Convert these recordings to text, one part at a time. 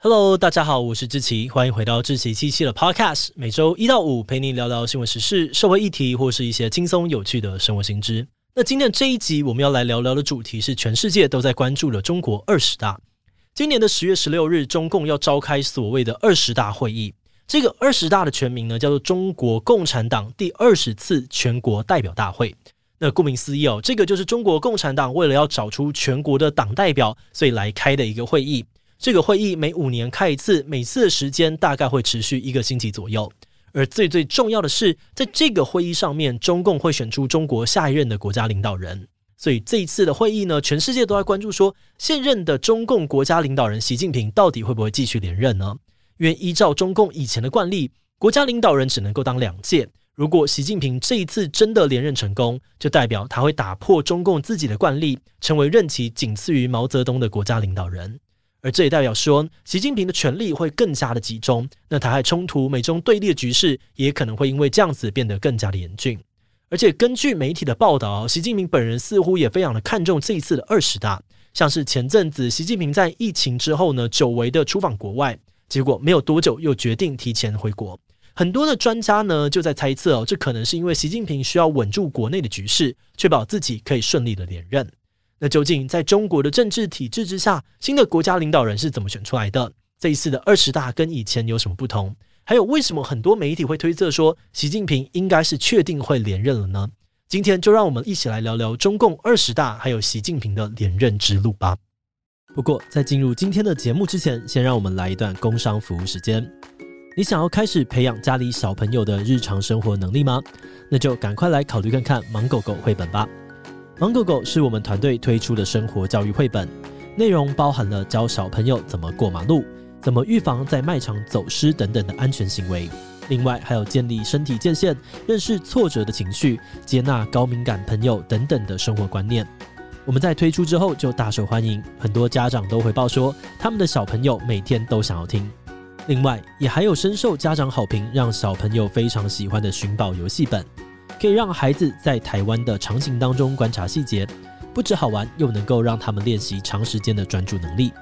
Hello，大家好，我是志祺，歡迎回到志祺七七的 Podcast。每週一到五陪你聊聊新聞時事、社會議題，或是一些輕鬆有趣的生活新知。那今天這一集我們要來聊聊的主題是全世界都在關注的中國二十大。今年的十月十六日，中共要召開所謂的二十大會議。這個二十大的全名呢，叫做中國共產黨第二十次全國代表大會。那顧名思義哦，這個就是中國共產黨為了要找出全國的黨代表，所以來開的一個會議。這個會議每五年開一次，每次的時間大概會持續一個星期左右。而最最重要的是，在這個會議上面，中共會選出中國下一任的國家領導人。所以這一次的會議呢，全世界都在關注說，說現任的中共國家領導人習近平到底會不會繼續連任呢？因為依照中共以前的慣例，國家領導人只能夠當兩屆。如果習近平這一次真的連任成功，就代表他會打破中共自己的慣例，成為任期僅次於毛澤東的國家領導人。而這也代表說，習近平的權力會更加的集中。那台海衝突、美中對立的局勢也可能會因為這樣子變得更加的嚴峻。而且根據媒體的報道，習近平本人似乎也非常的看重這一次的二十大。像是前陣子，習近平在疫情之後呢，久違的出訪國外，結果沒有多久又決定提前回國。很多的專家呢就在猜測哦，這可能是因為習近平需要穩住國內的局勢，確保自己可以順利的連任。那究竟在中國的政治體制之下，新的國家領導人是怎麼選出來的？這一次的二十大跟以前有什麼不同？還有為什麼很多媒體會推測說習近平應該是確定會連任了呢？今天就讓我們一起來聊聊中共二十大，還有習近平的連任之路吧。不過在進入今天的節目之前，先讓我們來一段工商服務時間。你想要開始培養家裡小朋友的日常生活能力嗎？那就趕快來考慮看看《芒狗狗》繪本吧。芒狗狗是我們團隊推出的生活教育繪本，內容包含了教小朋友怎麼過馬路、怎麼預防在賣場走失等等的安全行為，另外還有建立身體界限、認識挫折的情緒、接納高敏感朋友等等的生活觀念。我們在推出之後就大受歡迎，很多家長都回報說，他們的小朋友每天都想要聽。另外，也還有深受家長好評、讓小朋友非常喜歡的尋寶遊戲本。可以讓孩子在台灣的場景當中觀察細節，不止好玩，又能夠讓他們練習長時間的專注能力。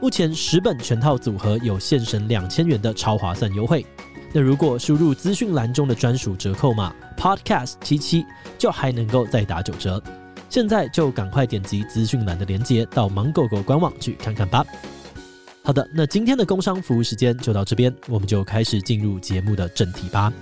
目前十本全套組合有現省兩千元的超划算優惠，那如果輸入資訊欄中的專屬折扣碼 “podcast 七七”，就還能夠再打九折。現在就趕快點擊資訊欄的鏈接到芒狗狗官網去看看吧。好的，那今天的工商服務時間就到這邊，我們就開始進入節目的正題吧。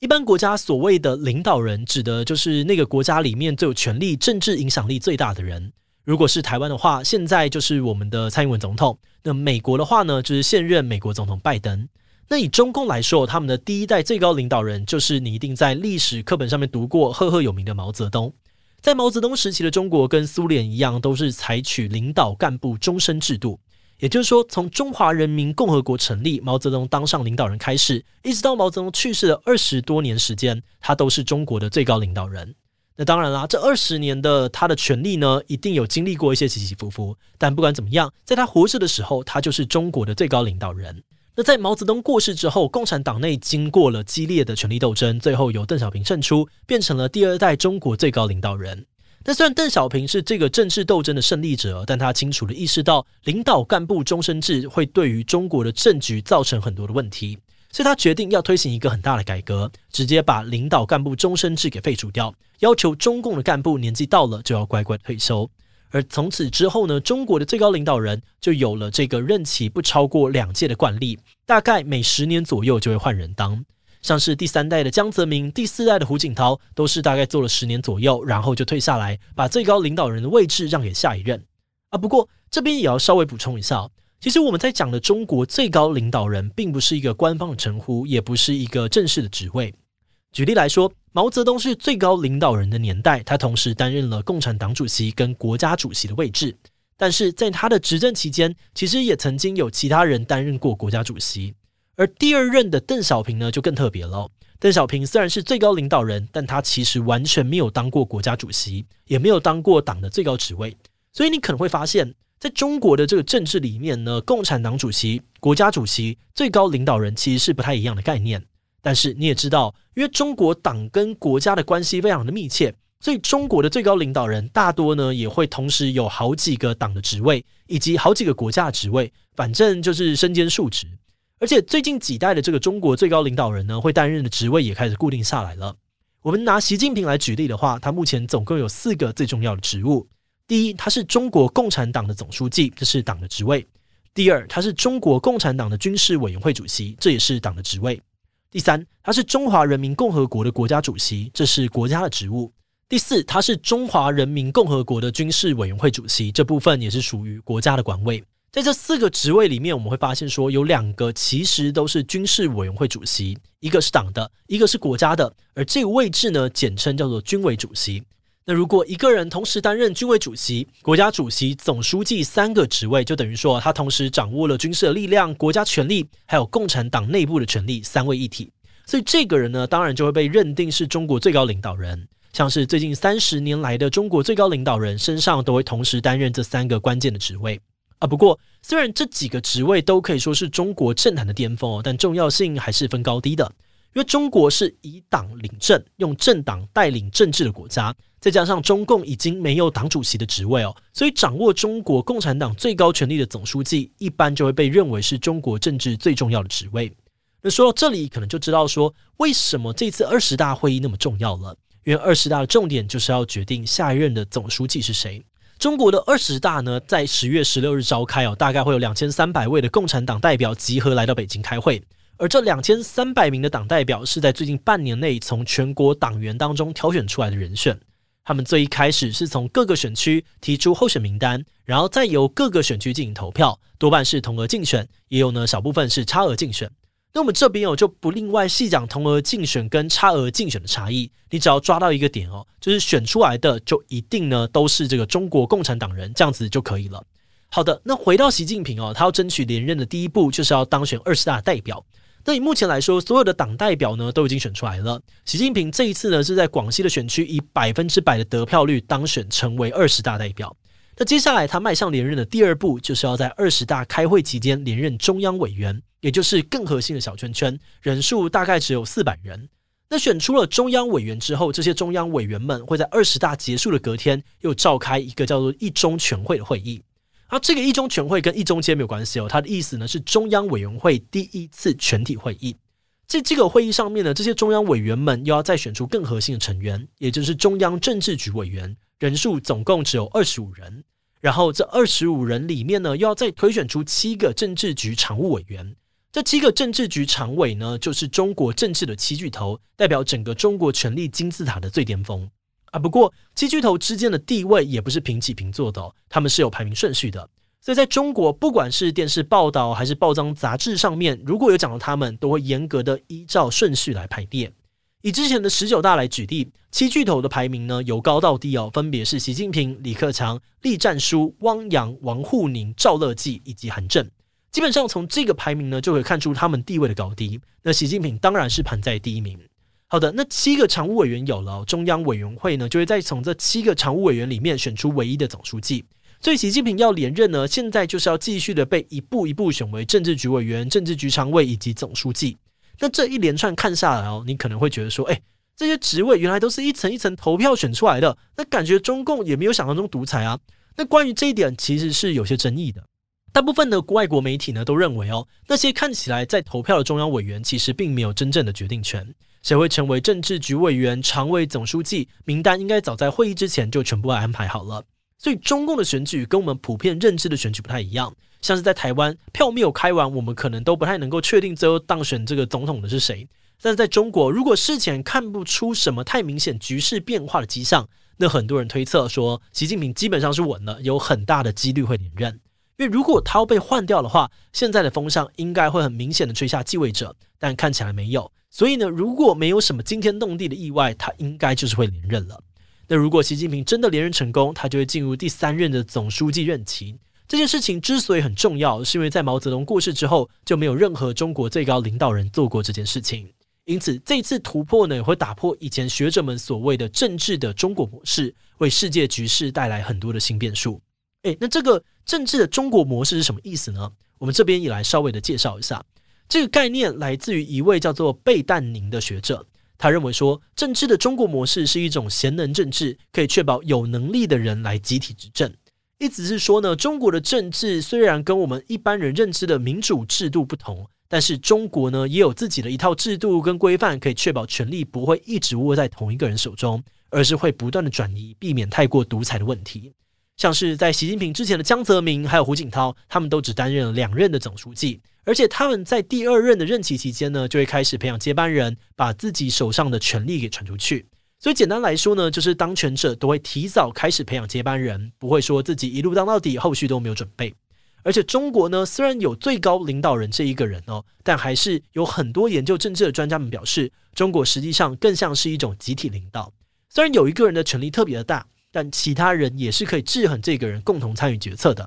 一般國家所謂的領導人，指的就是那個國家裡面最有權力、政治影響力最大的人。如果是台灣的話，現在就是我們的蔡英文總統；那美國的話呢，就是現任美國總統拜登。那以中共來說，他們的第一代最高領導人，就是你一定在歷史課本上面讀過赫赫有名的毛澤東。在毛澤東時期的中國跟蘇聯一樣，都是採取領導幹部終身制度。也就是說，從中華人民共和國成立、毛澤東當上領導人開始，一直到毛澤東去世的二十多年時間，他都是中國的最高領導人。那當然啦，這二十年的他的權力呢，一定有經歷過一些起起伏伏。但不管怎麼樣，在他活着的時候，他就是中國的最高領導人。那在毛澤東過世之後，共產黨內經過了激烈的權力鬥爭，最後由鄧小平勝出，變成了第二代中國最高領導人。那雖然鄧小平是這個政治鬥爭的勝利者，但他清楚地意識到領導幹部終身制會對於中國的政局造成很多的問題，所以他決定要推行一個很大的改革，直接把領導幹部終身制給廢除掉，要求中共的幹部年紀到了就要乖乖退休。而從此之後呢，中國的最高領導人就有了這個任期不超過兩屆的慣例，大概每十年左右就會換人當。像是第三代的江澤民，第四代的胡錦濤，都是大概做了十年左右，然後就退下來，把最高領導人的位置讓給下一任。啊，不過這邊也要稍微補充一下，其實我們在講的中國最高領導人，並不是一個官方的稱呼，也不是一個正式的職位。舉例來說，毛澤東是最高領導人的年代，他同時擔任了共產黨主席跟國家主席的位置，但是在他的執政期間，其實也曾經有其他人擔任過國家主席。而第二任的鄧小平呢，就更特別了。鄧小平雖然是最高領導人，但他其實完全沒有當過國家主席，也沒有當過黨的最高職位。所以你可能會發現，在中國的這個政治裡面呢，共產黨主席、國家主席、最高領導人其實是不太一樣的概念。但是你也知道，因為中國黨跟國家的關係非常的密切，所以中國的最高領導人大多呢，也會同時有好幾個黨的職位，以及好幾個國家的職位，反正就是身兼數職。而且最近幾代的這個中國最高領導人呢，會擔任的職位也開始固定下來了。我們拿習近平來舉例的話，他目前總共有四個最重要的職務：第一，他是中國共產黨的總書記，這是黨的職位；第二，他是中國共產黨的軍事委員會主席，這也是黨的職位；第三，他是中華人民共和國的國家主席，這是國家的職務；第四，他是中華人民共和國的軍事委員會主席，這部分也是屬於國家的官位。在這四個職位裡面，我們會發現說有兩個其實都是軍事委員會主席，一個是黨的，一個是國家的。而這個位置呢，簡稱叫做軍委主席。那如果一個人同時擔任軍委主席、國家主席、總書記三個職位，就等於說他同時掌握了軍事的力量、國家權力，還有共產黨內部的權力，三位一體。所以這個人呢，當然就會被認定是中國最高領導人。像是最近三十年來的中國最高領導人身上，都會同時擔任這三個關鍵的職位。啊，不過雖然這幾個職位都可以說是中國政壇的巔峰哦，但重要性還是分高低的。因為中國是以黨領政，用政黨帶領政治的國家，再加上中共已經沒有黨主席的職位哦，所以掌握中國共產黨最高權力的總書記，一般就會被認為是中國政治最重要的職位。那說到這裡，可能就知道說為什麼這次二十大會議那麼重要了。因為二十大的重點就是要決定下一任的總書記是誰。中國的二十大呢，在十月十六日召開哦，大概會有兩千三百位的共產黨代表集合來到北京開會。而這兩千三百名的黨代表，是在最近半年內從全國黨員當中挑選出來的人選。他們最一開始是從各個選區提出候選名單，然後再由各個選區進行投票，多半是同額競選，也有呢小部分是差額競選。那我們這邊哦，就不另外細講同額競選跟差額競選的差異，你只要抓到一個點哦，就是選出來的就一定呢都是這個中國共產黨人這樣子就可以了。好的，那回到習近平哦，他要爭取連任的第一步就是要當選二十大代表。那以目前來說，所有的黨代表呢都已經選出來了，習近平這一次呢是在廣西的選區以百分之百的得票率當選成為二十大代表。那接下來，他邁向連任的第二步，就是要在二十大開會期間連任中央委員，也就是更核心的小圈圈，人數大概只有四百人。那選出了中央委員之後，這些中央委員們會在二十大結束的隔天，又召開一個叫做一中全會的會議。啊，這個一中全會跟一中間沒有關係哦，它的意思呢，是中央委員會第一次全體會議。這這個會議上面呢，這些中央委員們又要再選出更核心的成員，也就是中央政治局委員，人數總共只有二十五人。然後這二十五人裡面呢，又要再推選出七個政治局常務委員。這七個政治局常委呢，就是中國政治的七巨頭，代表整個中國權力金字塔的最巔峰。啊，不過，七巨頭之間的地位也不是平起平坐的哦，他們是有排名順序的。所以，在中國，不管是電視報道還是報章雜誌上面，如果有講到他們，都會嚴格的依照順序來排列。以之前的十九大來舉例，七巨頭的排名呢，由高到低哦，分別是習近平、李克強、栗戰書、汪洋、王滬寧、趙樂際以及韓正。基本上從這個排名呢，就可以看出他們地位的高低。那習近平當然是排在第一名。好的，那七個常務委員有了、哦，中央委員會呢，就會在從這七個常務委員裡面選出唯一的總書記。所以習近平要連任呢，現在就是要繼續的被一步一步選為政治局委員、政治局常委以及總書記。那這一連串看下來哦，你可能會覺得說，欸，這些職位原來都是一層一層投票選出來的，那感覺中共也沒有想象中獨裁啊。那關於這一點，其實是有些爭議的。大部分的外國媒體呢都認為哦，那些看起來在投票的中央委員，其實並沒有真正的決定權。誰會成為政治局委員、常委、總書記，名單應該早在會議之前就全部安排好了。所以中共的選舉跟我們普遍認知的選舉不太一樣，像是在台灣票沒有開完，我們可能都不太能夠確定最後當選這個總統的是誰。但是在中國，如果事前看不出什麼太明顯局勢變化的跡象，那很多人推測說，習近平基本上是穩了，有很大的幾率會連任。因為如果他要被換掉的話，現在的風向應該會很明顯的吹下繼位者，但看起來沒有。所以呢，如果沒有什麼驚天動地的意外，他應該就是會連任了。那如果習近平真的連任成功，他就會進入第三任的總書記任期。這件事情之所以很重要，是因為在毛澤東過世之後，就沒有任何中國最高領導人做過這件事情。因此，這次突破呢，也會打破以前學者們所謂的“政治的中國模式”，為世界局勢帶來很多的新變數。誒，那這個“政治的中國模式”是什麼意思呢？我們這邊也來稍微的介紹一下。這個概念來自於一位叫做貝淡寧的學者。他認為說，政治的中國模式是一種賢能政治，可以確保有能力的人來集體執政。意思是說呢，中國的政治雖然跟我們一般人認知的民主制度不同，但是中國呢也有自己的一套制度跟規範，可以確保權力不會一直握在同一個人手中，而是會不斷的轉移，避免太過獨裁的問題。像是在習近平之前的江澤民還有胡錦濤，他們都只擔任了兩任的總書記。而且他們在第二任的任期期間呢，就會開始培養接班人，把自己手上的權力給傳出去。所以簡單來說呢，就是當權者都會提早開始培養接班人，不會說自己一路當到底，後續都沒有準備。而且中國呢，雖然有最高領導人這一個人哦，但還是有很多研究政治的專家們表示，中國實際上更像是一種集體領導。雖然有一個人的權力特別的大，但其他人也是可以制衡這個人，共同參與決策的。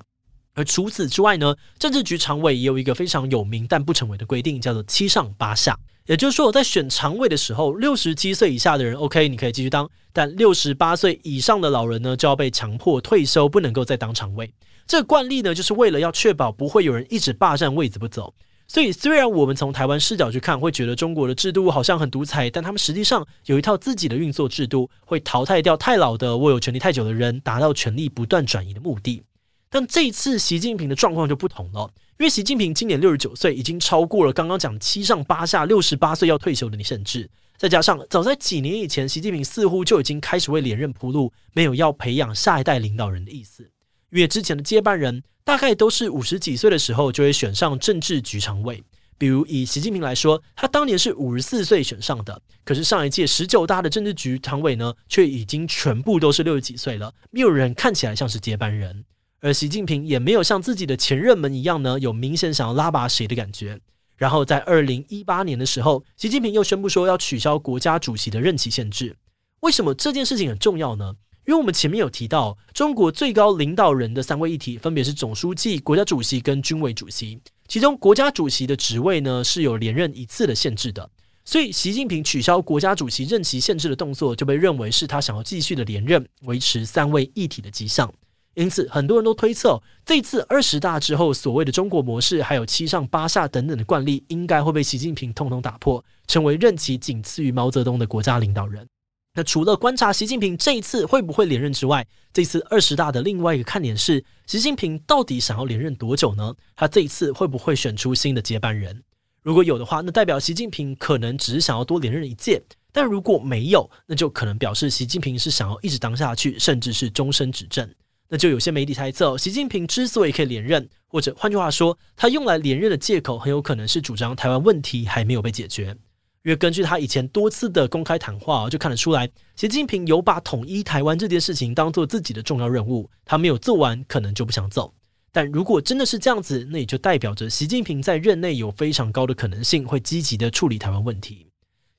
而除此之外呢，政治局常委也有一個非常有名但不成文的規定，叫做“七上八下”。也就是說，在選常委的時候，六十七歲以下的人，OK，你可以繼續當；但六十八歲以上的老人呢，就要被強迫退休，不能夠再當常委。這個慣例呢，就是為了要確保不會有人一直霸占位子不走。所以，雖然我們從台灣視角去看，會覺得中國的制度好像很獨裁，但他們實際上有一套自己的運作制度，會淘汰掉太老的握有權力太久的人，達到權力不斷轉移的目的。但這一次習近平的狀況就不同了，因為習近平今年六十九歲，已經超過了剛剛講七上八下六十八歲要退休的你限制。甚至再加上早在幾年以前，習近平似乎就已經開始為連任鋪路，沒有要培養下一代領導人的意思。因為之前的接班人大概都是五十幾歲的時候就會選上政治局常委，比如以習近平來說，他當年是五十四歲選上的，可是上一屆十九大的政治局常委呢，卻已經全部都是六十幾歲了，沒有人看起來像是接班人。而習近平也沒有像自己的前任們一樣呢，有明顯想要拉拔誰的感覺。然後在二零一八年的時候，習近平又宣布說要取消國家主席的任期限制。為什麼這件事情很重要呢？因為我們前面有提到，中國最高領導人的三位一體分別是總書記、國家主席跟軍委主席。其中，國家主席的職位呢是有連任一次的限制的。所以，習近平取消國家主席任期限制的動作，就被認為是他想要繼續的連任，維持三位一體的跡象。因此，很多人都推測，這次二十大之後，所謂的中國模式還有七上八下等等的慣例，應該會被習近平通通打破，成為任期僅次於毛澤東的國家領導人。那除了觀察習近平這一次會不會連任之外，這次二十大的另外一個看點是，習近平到底想要連任多久呢？他這一次會不會選出新的接班人？如果有的話，那代表習近平可能只是想要多連任一屆；但如果沒有，那就可能表示習近平是想要一直當下去，甚至是終身執政。那就有些媒體猜測，習近平之所以可以連任，或者換句話說，他用來連任的借口很有可能是主張台灣問題還沒有被解決。因為根據他以前多次的公開談話，就看得出來，習近平有把統一台灣這件事情當做自己的重要任務，他沒有做完可能就不想走。但如果真的是這樣子，那也就代表着習近平在任內有非常高的可能性會積極地處理台灣問題。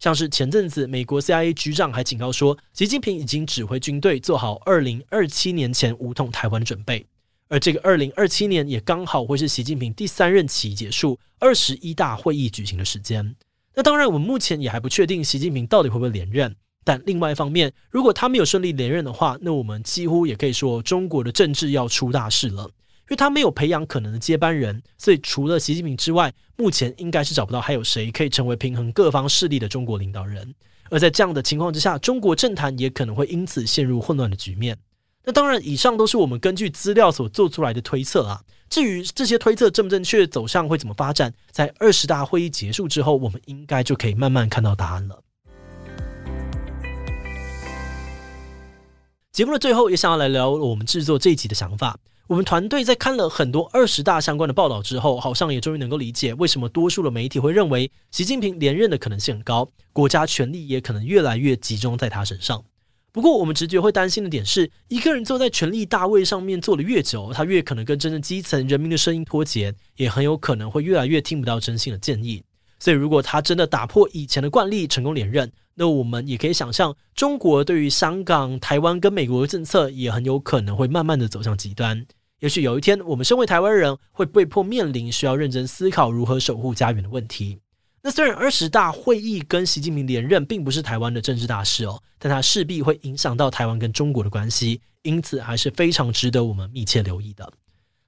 像是前陣子，美國 CIA 局長還警告說，習近平已經指揮軍隊做好二零二七年前武統台灣的準備，而這個二零二七年也剛好會是習近平第三任期結束，二十一大會議舉行的時間。那當然，我們目前也還不確定習近平到底會不會連任。但另外一方面，如果他沒有順利連任的話，那我們幾乎也可以說中國的政治要出大事了。因為他沒有培養可能的接班人，所以除了習近平之外，目前應該是找不到還有誰可以成為平衡各方勢力的中國領導人。而在這樣的情況之下，中國政壇也可能會因此陷入混亂的局面。那當然，以上都是我們根據資料所做出來的推測啊。至於這些推測正不正確，走向會怎麼發展，在二十大會議結束之後，我們應該就可以慢慢看到答案了。 節目的最後，也想要來聊我們制作這一集的想法。我們團隊在看了很多二十大相關的報道之後，好像也終於能夠理解為什麼多數的媒體會認為習近平連任的可能性很高，國家權力也可能越來越集中在他身上。不過，我們直覺會擔心的點是，一個人坐在權力大位上面坐得越久，他越可能跟真正基層人民的聲音脫節，也很有可能會越來越聽不到真心的建議。所以，如果他真的打破以前的慣例，成功連任，那我們也可以想象，中國對於香港、台灣跟美國的政策，也很有可能會慢慢的走向極端。也許有一天，我們身為台灣人會被迫面臨需要認真思考如何守護家園的問題。那雖然二十大會議跟習近平連任並不是台灣的政治大事哦，但它勢必會影響到台灣跟中國的關係，因此還是非常值得我們密切留意的。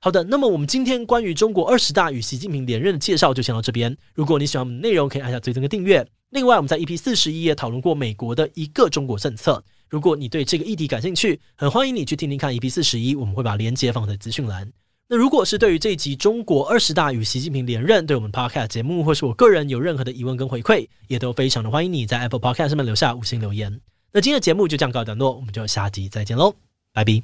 好的，那麼我們今天關於中國二十大與習近平連任的介紹就先到這邊。如果你喜歡我們的內容，可以按下追蹤跟訂閱。另外，我們在 EP 四十一也討論過美國的一個中國政策。如果你對這個議題感興趣，很歡迎你去聽聽看 EP 四十一，我們會把連結放在資訊欄。那如果是對於這一集中國二十大與習近平連任，對我們 Podcast 節目或是我個人有任何的疑問跟回饋，也都非常的歡迎你在 Apple Podcast 上面留下五星留言。那今天的節目就這樣告一段落，我們就下集再見嘍，拜拜。